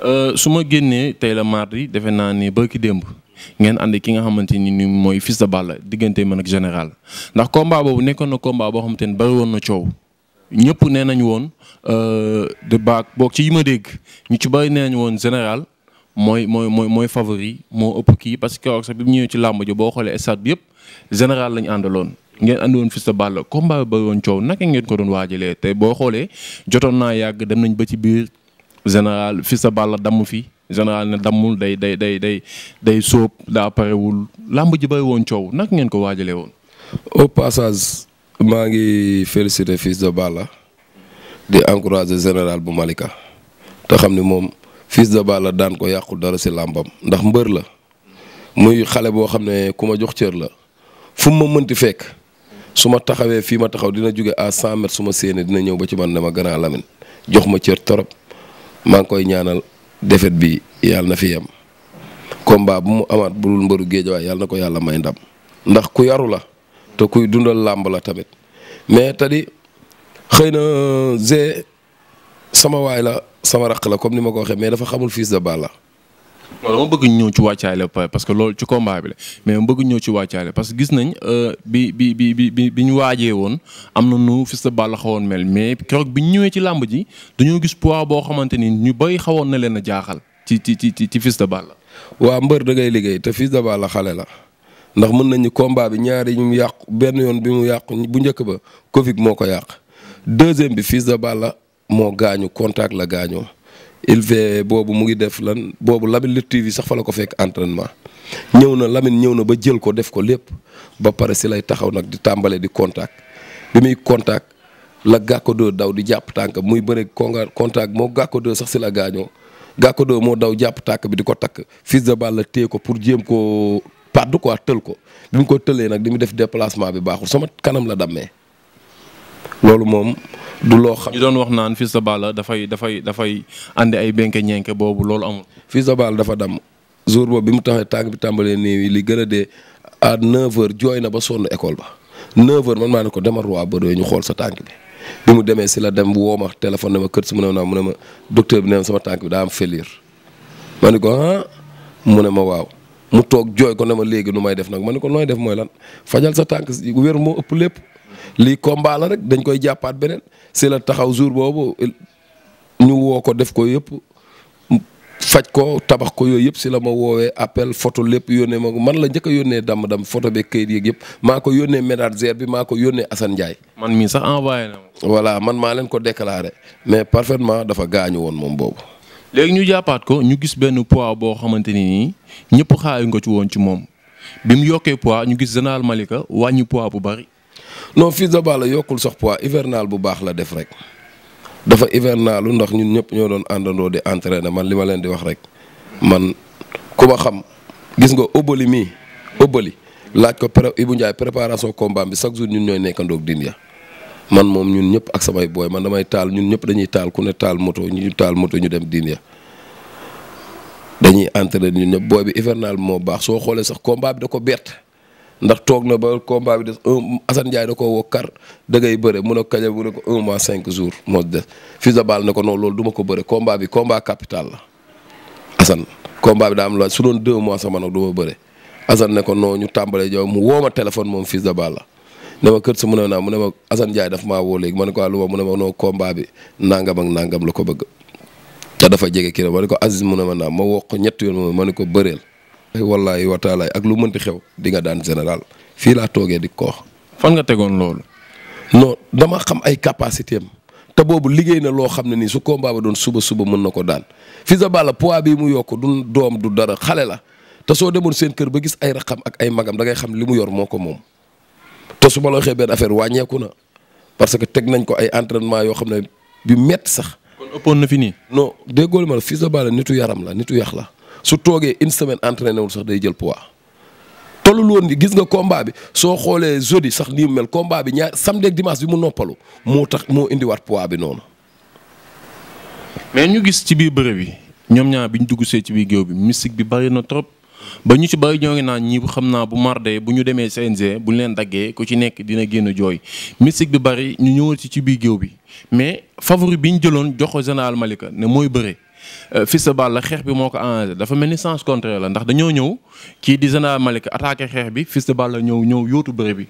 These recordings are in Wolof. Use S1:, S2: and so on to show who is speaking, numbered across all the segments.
S1: Euh, su ma génnee tey la mardi defe naa ni ki démb ngeen ànd ki nga xamante ni ni mooy Fils de Balla diggante mën ak général ndax combat boobu nekkoon na combat boo xamante ni bari woon na coow ñëpp nee nañ woon euh, de baak boog ci yi ma dégg ñu ci bëri nee nañ woon général mooy mooy mooy mooy favori moo ëpp kii parce que keroog sax bi mu ñëwee ci làmb boo xoolee stade yëpp général lañ àndaloon ngeen andi woon Fils de Balla combat bi woon coow naka ngeen ko doon waajalee te boo xoolee jotoon naa yàgg dem nañ ba ci biir général fi sa bàll damm fii général ne dammul day day day day day sóob daa làmb ji bëri woon coow nag ngeen ko waajalee woon. au
S2: passage maa ngi félicité fils de la di encouragé général bu Malika te xam ni moom fils de la daan ko yàqul dara si làmbam ndax mbër la muy xale boo xam ne ku ma jox cër la fu ma mënti fekk su ma taxawee fii ma taxaw dina jóge à 100 mètres su ma dina ñëw ba ci man ne ma gën a jox ma cër torop maa ngi koy ñaanal defet bi yàlla na fi yem combat bu mu amaat bu dul mbëru géejawaay yàlla na ko yàlla may ndam ndax ku yaru la te kuy dundal làmb la tamit mais tadi xëy na g sama waay la sama raq la comme ni ma ko waxee mais dafa xamul Fils de Balla
S1: non dama bëgg ñëw ci wàccaay la pare parce que loolu ci combat bi la mais ma bëgg ñëw ci wàccaay la parce que gis nañ euh, bi bi bi bi bi ñu waajee woon am na nu Fils de Balla xawoon mel mais keroog bi ñu ñëwee ci làmb ji dañoo
S2: gis poids boo xamante ni ñu bay xawoon na leen a jaaxal ci ci ci ci Fils de Balla. waa mbër da liggéey te Fils de Balla xale la ndax mën nañu combat bi ñaari ñu mu yàqu benn yoon bi mu yàqu bu njëkk ba Covid moo ko yàq deuxième bi Fils de Balla moo gaañu contact la gaañoo. il fait boobu mu ngi def lan boobu Lamine Lutte TV sax fa la ko fekk entraînement ñëw na Lamine ñëw na ba jël ko def ko lépp ba pare si lay taxaw nag di tàmbalee di contact bi muy contact la gàkko daw di jàpp tànk muy bëre konga contact moo gàkko doo sax si la gaañoo gàkko doo moo daw jàpp tànk bi di ko takk Fils de Balla téye ko pour jéem koo pàddu quoi tël ko bi mu ko tëlee nag di mu def déplacement bi baaxul sama kanam la dammee loolu moom du loo
S1: xam. ñu doon wax naan Fils de Balla dafay
S2: dafay dafay andi ay benke ñenke boobu loolu amul. Fils de Balla dafa dam jour boobu bi mu taxee tànk bi tàmbalee néew yi li gën a dee à 9h jooy na ba sonn école ba 9h man maa ne ko demal waa Bodo ñu xool sa tànk bi. bi mu demee si la dem woo ma téléphone ma kër si mu ne ma mu ne ma docteur bi ne sama tànk bi daa am félir ma ne ko ah mu ne ma waaw mu toog jooy ko ne ma léegi nu may def nag ma ne ko nooy def mooy lan fajal sa tànk wér moo ëpp lépp. lii combat la rek dañ koy jàppaat beneen si la taxaw jour boobu ñu woo ko def ko yëpp faj ko tabax ko yooyu yëpp si la ma woowee appel photo lépp yónnee ma man la njëkk a yónnee dam-dam photo beeg kayit yeeg yëpp maa ko yónnee ménagère bi maa ko yónnee Assane Ndiaye. man mii sax envoyé na voilà man maa leen ko déclaré mais parfaitement dafa gaañu woon moom boobu. léegi ñu jàppaat ko ñu gis benn poids boo xamante ni nii ñëpp xaaruñ nga ci woon ci moom bi mu yokkee poids ñu gis général Malika wàññi poids bu bari non Fils de Balla yokkul sax poids hivernal bu baax la def rek dafa hivernalu ndax ñun ñëpp ñoo doon àndandoo di entraîner man li ma leen di wax rek man ku xam gis nga obali mii obali laaj ko pré Ibou Ndiaye préparation combat bi chaque jour ñun ñooy nekkandoog din ya man moom ñun ñëpp ak samay booy man damay taal ñun ñëpp dañuy taal ku ne taal moto ñu taal moto ñu dem din ya dañuy entraîner ñun ñëpp booy bi hivernal moo baax soo xoolee sax combat bi da ko bett. ndax toog na ba combat bi des un Assane Ndiaye da mun a kañ ko mois cinq jours moo des Fils de ko noonu loolu du ma ko bëre combat bi combat capital la Assane combat su doon deux mois sama nag du ma bëre Assane ne ko non ñu tàmbalee jow mu woo ma téléphone moom Fils de Balla kër sa mu ne naa mu ne ma daf maa woo léegi ma ne ko lu ma mu ne ma non combat bi nangam ak nangam la ko bëgg te dafa jege kii la ma ne ko Aziz mu ne ma naa ma woo ko ñetti yoon ma ne ko bëreel wallaay wa taalaay ak lu mënti xew di nga daan général fii laa toogee di ko fan nga tegoon loolu. non dama xam ay capacité am te boobu liggéey na loo xam ne nii su combat ba doon suba suba mën na ko daan fii de Balla bii mu yokk du doom du dara xale la te soo demoon seen kër ba gis ay raxam ak ay magam da xam li mu yor moo ko moom. te su ma la affaire wàññeeku na parce que teg nañ ko ay entraînement yoo xam ne bi métti sax. kon ëppoon na fi nii. non déggoo ma la Fils de nitu yaram la nitu yax la. su toogee une semaine entraîné wul sax day jël poids tollu loon ni gis nga combat bi soo xoolee jeudi sax nii mu mel combat bi ñaar samedi ak dimanche bi mu noppalu moo tax moo indiwaat poids bi noonu.
S1: mais ñu gis ci biir bërëb yi ñoom ñaar bi ñu dugg see ci biir géew bi mystique bi bari na trop ba ñu ci bari ñoo ngi naan ñi xam naa bu marde bu ñu demee CNG bu ñu leen daggee ku ci nekk dina génn jooy mystique bi bari ñu ñëwal ci ci biir géew bi mais favori bi ñu jëloon jox ko général Malika mooy bëre. Euh, Fils de Balla xeex bi moo ko arrangé dafa mel ni sens contraire la ndax dañoo ñëw kii di Général Malika attaqué xeex bi Fils de Balla ñëw ñëw yootu bëre bi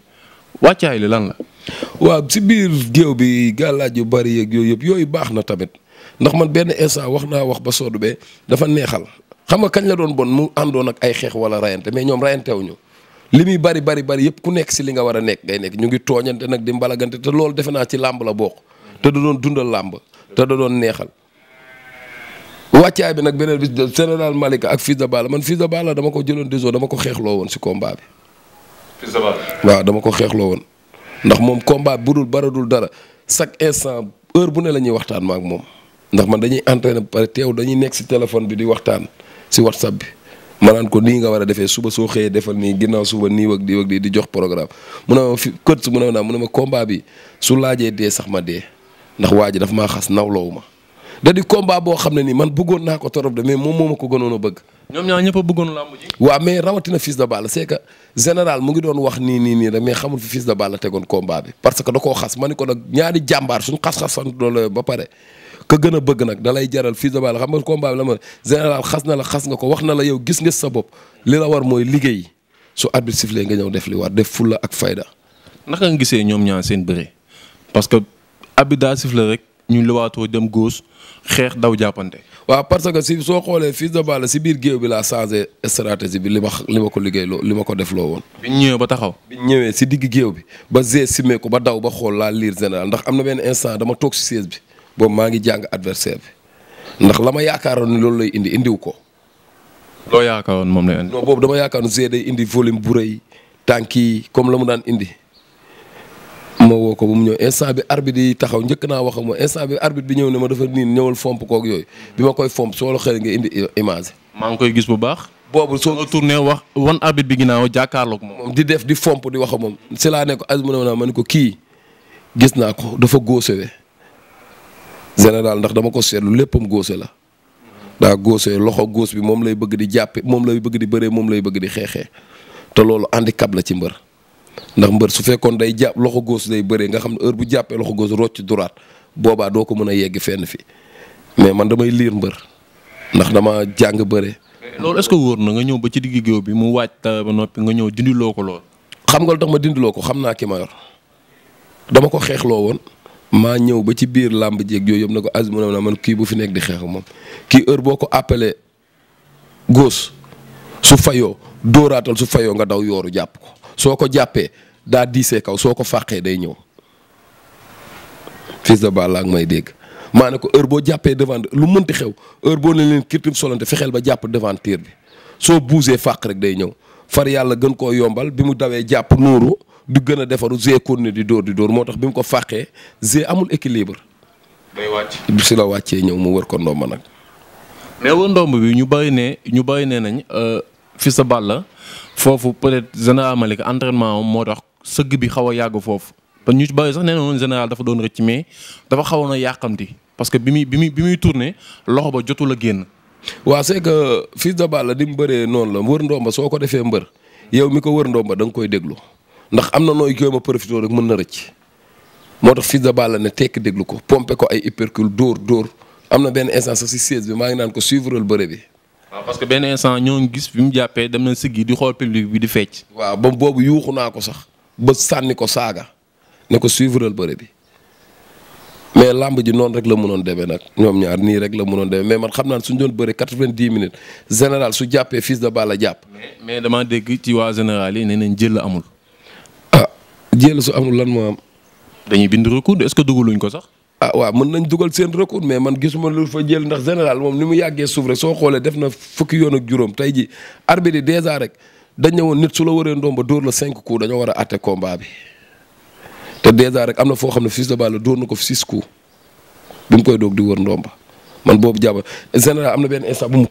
S1: wàccaay li
S2: lan la. waaw si biir géew bi gàllaaj yu bari yeeg yooyu yëpp yooyu baax na tamit ndax man benn instant wax naa wax ba soodu bee dafa neexal xam nga kañ la doon bon mu àndoon ak ay xeex wala rayante mais ñoom rayantewuñu li muy bari bari bari yëpp ku nekk si li nga war a nekk ngay nekk ñu ngi tooñante nag di mbalagante te loolu defe naa ci làmb la te da doon dundal làmb da doon neexal wàccaay bi nag beneen bi général Malika ak Fils de Balla man Fils de Balla dama ko jëloon disoo dama ko xeexloo woon si combat bi. waaw dama ko xeexloo woon ndax moom combat bu baradul dara chaque instant heure bu ne la ñuy waxtaan ak moom ndax man dañuy entraîné pare teew dañuy nekk si téléphone bi di waxtaan si whatsapp bi. ma naan ko nii nga war a defee suba soo xëyee defal nii ginnaaw suba nii wëg di di jox programme mu ne ma fi kër su mu ne ma mu ma combat bi su laajee dee sax ma dee ndax waa ji daf maa xas nawloowu ma. da di combat boo xam ne nii man bëggoon naa ko torop de mais moom moo ko gënoon a bëgg. ñoom a bëggoon làmb ji. waaw mais rawatina mu ngi doon wax nii nii nii rek mais xamul fi Fils de Balla tegoon combat bi. parce que da koo xas ma ni ko nag ñaari jàmbaar suñu xas-xasan doole ba pare ka gën a bëgg nag da lay jaral Fils de xam nga combat bi la ma général xas na la xas nga ko wax na la yow gis nga sa bopp li la war mooy liggéey su arbitre sifflé nga ñëw def li war def fulla ak fayda. naka nga
S1: gisee ñoom ñaar seen bëre parce que arbitre daa sifflé rek ñu waatoo dem góos
S2: xeex daw jàppante. waaw parce que si soo xoolee Fils de Balla si biir géew bi laa changé stratégie bi li ma li ma ko liggéey loo li ma ko def loo woon. biñ ñëwee ba taxaw. biñ ñëwee si digg géew bi ba G simé ko ba daw ba xool laa liir général ndax am na benn instant dama toog si siège bi boobu maa ngi jàng adversaire bi ndax la ma yaakaaroon ni loolu lay indi indiw ko. loo yaakaaroon moom lay indi. non boobu dama yaakaar ne G day indi volume bu rëy tànk yi comme la mu daan indi. ma woo ko ba mu ñëw instant bi arbitre yi taxaw njëkk naa wax ak moom instant bi arbitre bi ñëw ne ma dafa niin ñëwal fomp kook yooyu bi ma koy fomp soo la xëy nga indi image. maa ngi koy gis bu baax. boobu soo ko tourné wax wan arbitre bi ginnaaw jàkkaarloog moom. di def di fomp di wax ak moom si laa ne ko as mu ne ma ne ko kii gis naa ko dafa góosewe général ndax dama ko seetlu léppam góose la daa góose loxo góos bi moom lay bëgg di jàppe moom lay bëgg di bëree moom lay bëgg di xeexee te loolu handicap la ci mbër. ndax mbër su fekkoon day jàpp loxo góos day bëree nga xam ne heure bu jàppee loxo góos rocc droite boobaa doo ko mën a yegg fenn fi mais man damay liir mbër ndax dama jàng bëre. loolu est-ce wóor na nga ñëw ba ci digg géew bi mu waaj ta ba noppi nga ñëw dindiloo ko lool. xam nga lu dindiloo ko xam naa ki ma dama ko xeexloo woon maa ñëw ba ci biir làmb jeeg yooyu yëpp na ko as mu ne man kii bu fi nekk di xeex moom kii heure boo ko appelé góos su fayoo dóoraatal su fayoo nga daw yooru jàpp ko. soo ko jàppee daa diisee kaw soo ko fàqee day ñëw fils de Balla ak may dégg maa ne ko heure boo jàppee devant lu mënti xew heure boo ne leen kirtim solante fexeel ba jàpp devantir bi soo buusee fàq rek day ñëw far yàlla gën koo yombal bi mu dawee jàpp nooru du gën a defaru g konne di dóor di dóor moo tax bi mu ko fàqee g amul équilibre day wàcc si la wàccee ñëw mu wër ko ma nag mais wër ndomb
S1: bi ñu bàyyi ne ñu bàyyi ne nañ euh, Fils de la foofu peut-être général Malick entraînement moo tax sëgg bi xaw a yàgg foofu. parce ñu ci bëri sax nee na général dafa doon rëcc mais dafa xawoon a yàqamti parce que bi muy bi muy bi
S2: muy tourné loxo ba jotul a génn. waaw c'est que Fils de Balla di mu bëree noonu la wër ndomba soo ko defee mbër yow mi ko wër ndomba da nga koy déglu ndax am na nooy koy ma profité rek mën na rëcc. moo tax Fils de Balla ne tekk déglu ko pompe ko ay hypercule dóor dóor am na benn instance si siège maa ngi naan ko suivre bëre bi.
S1: waaw parce que benn instant ñoo gis bi mu jàppee
S2: dem na siggi di xool public bi di fecc waaw ba boobu yuuxu naa ko sax ba sànni ko saaga ne ko suivreal bëre bi mais làmb ji noonu rek la mënoon demee nag ñoom ñaar nii rek la mënoon demee mais man xam naa suñ doon bëre quatre-vingt-dix minutes général su jàppee fils de Balla jàpp. mais damaa dégg ci waa
S1: général yi nee nañ jël amul. ah jël su amul lan
S2: moo dañuy bindu bind recours est-ce que dugaluñ ko sax. ah waaw mën nañ dugal seen recours mais man gisuma lu fa jël ndax général moom ni mu yàggee suuf rek soo xoolee def na fukki yoonak juróom tey ji arbitre yi dèjà rek dañ ne nit su la waree ndomba dóor la cinq coups dañoo war a atte combat bi te dèjà rek am na foo xam ne Fils de Balla dóor na ko six coups bi mu koy doog di wër ndomba man boobu jàpp général am na benn instant bu mu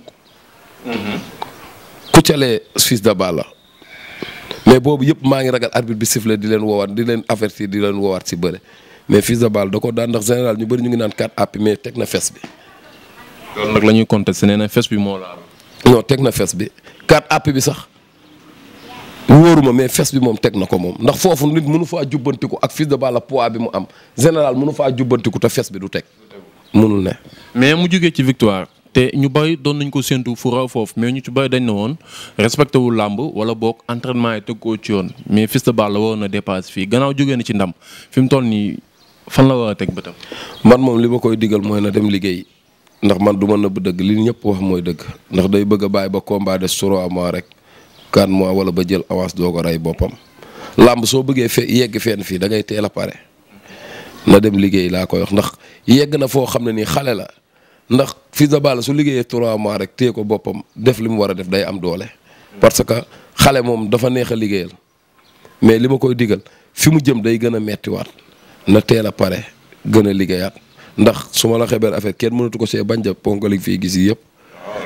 S2: kuccalee Fils de la mais boobu yëpp maa ngi ragal arbitre bi di leen woowaat di leen avertir di woowaat si bëre mais Fils de Balla da ko daan ndax général ñu bëri ñu ngi naan 4 appuis mais teg na fes bi. loolu nag la ñuy contesté nee na fes bi moo laal. non teg na fes bi 4 app bi sax wóoruma mais fes bi moom teg na ko moom ndax foofu nit mënu faa jubbantiku ak Fils de Balla poids bi mu am général mënu faa jubbantiku te fes bi du teg. mënul ne.
S1: mais mu jugee ci victoire. te ñu bëri doon nañ ko séntu fu raw foofu mais ñu ci bëri dañ ne woon respecté wu làmb wala boog entraînement teg koo ci yoon mais Fils Balla waroon na dépassé fii gannaaw jógee na ci
S2: ndam fi mu toll nii fan la war a teg bëtam. man moom li ma koy digal mooy na dem liggéey ndax man du ma nëbb dëgg li ñëpp wax mooy dëgg ndax day bëgg a bàyyi ba combat des trois mois rek quatre mois wala ba jël avance doo ko rey boppam. làmb soo bëggee fe yegg fenn fii da ngay teel a pare na dem liggéey laa koy wax ndax yegg na foo xam ne nii xale la ndax Fils de Balla su liggéeyee trois mois rek téye ko boppam def li mu war a def day am doole. parce que xale moom dafa neex a liggéeyal mais li ma koy digal fi mu jëm day gën a mettiwaat. na teel a pare gën a liggéeyaat ndax su ma la xebeer affaire kenn mënatu ko see bañ a ponkali fii gis yëpp.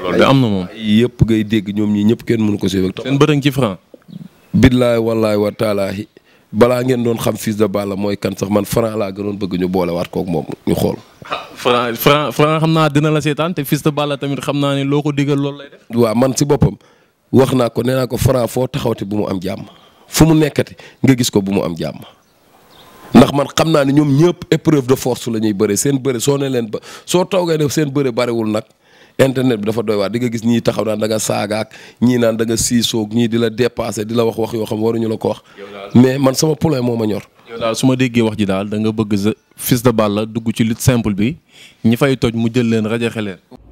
S2: loolu de am na moom yëpp ngay dégg ñoom ñii ñëpp kenn mënu ko see. seen bërëng ci franc. billaay wallaay wa taalaahi balaa ngeen doon xam fis de Balla mooy kan sax man franc laa gënoon bëgg ñu boole waat kook moom ñu xool.
S1: franc franc franc xam naa dina la seetaan te Fils de Balla tamit xam naa ne loo ko digal loolu lay def.
S2: waaw man si boppam wax naa ko nee naa ko franc foo taxawte bu mu am jàmm fu mu nekkati nga gis ko bu mu am jàmm. ndax man xam naa ne ñoom ñëpp épreuve de force la ñuy bëre seen bëre soo ne leen ba soo toogee def seen bëre bariwul nag internet bi dafa doy waar di gis ñii taxaw naan da nga saagaak ñii naan da nga siisoog ñii di la dépassé di la wax wax yoo xam waruñu la ko wax mais man sama poulain moo ma ñor
S1: su ma déggee wax ji daal danga bëgg Fils de Balla dugg ci lit simple bi ñu fay toj mu jël leen rajaxe leen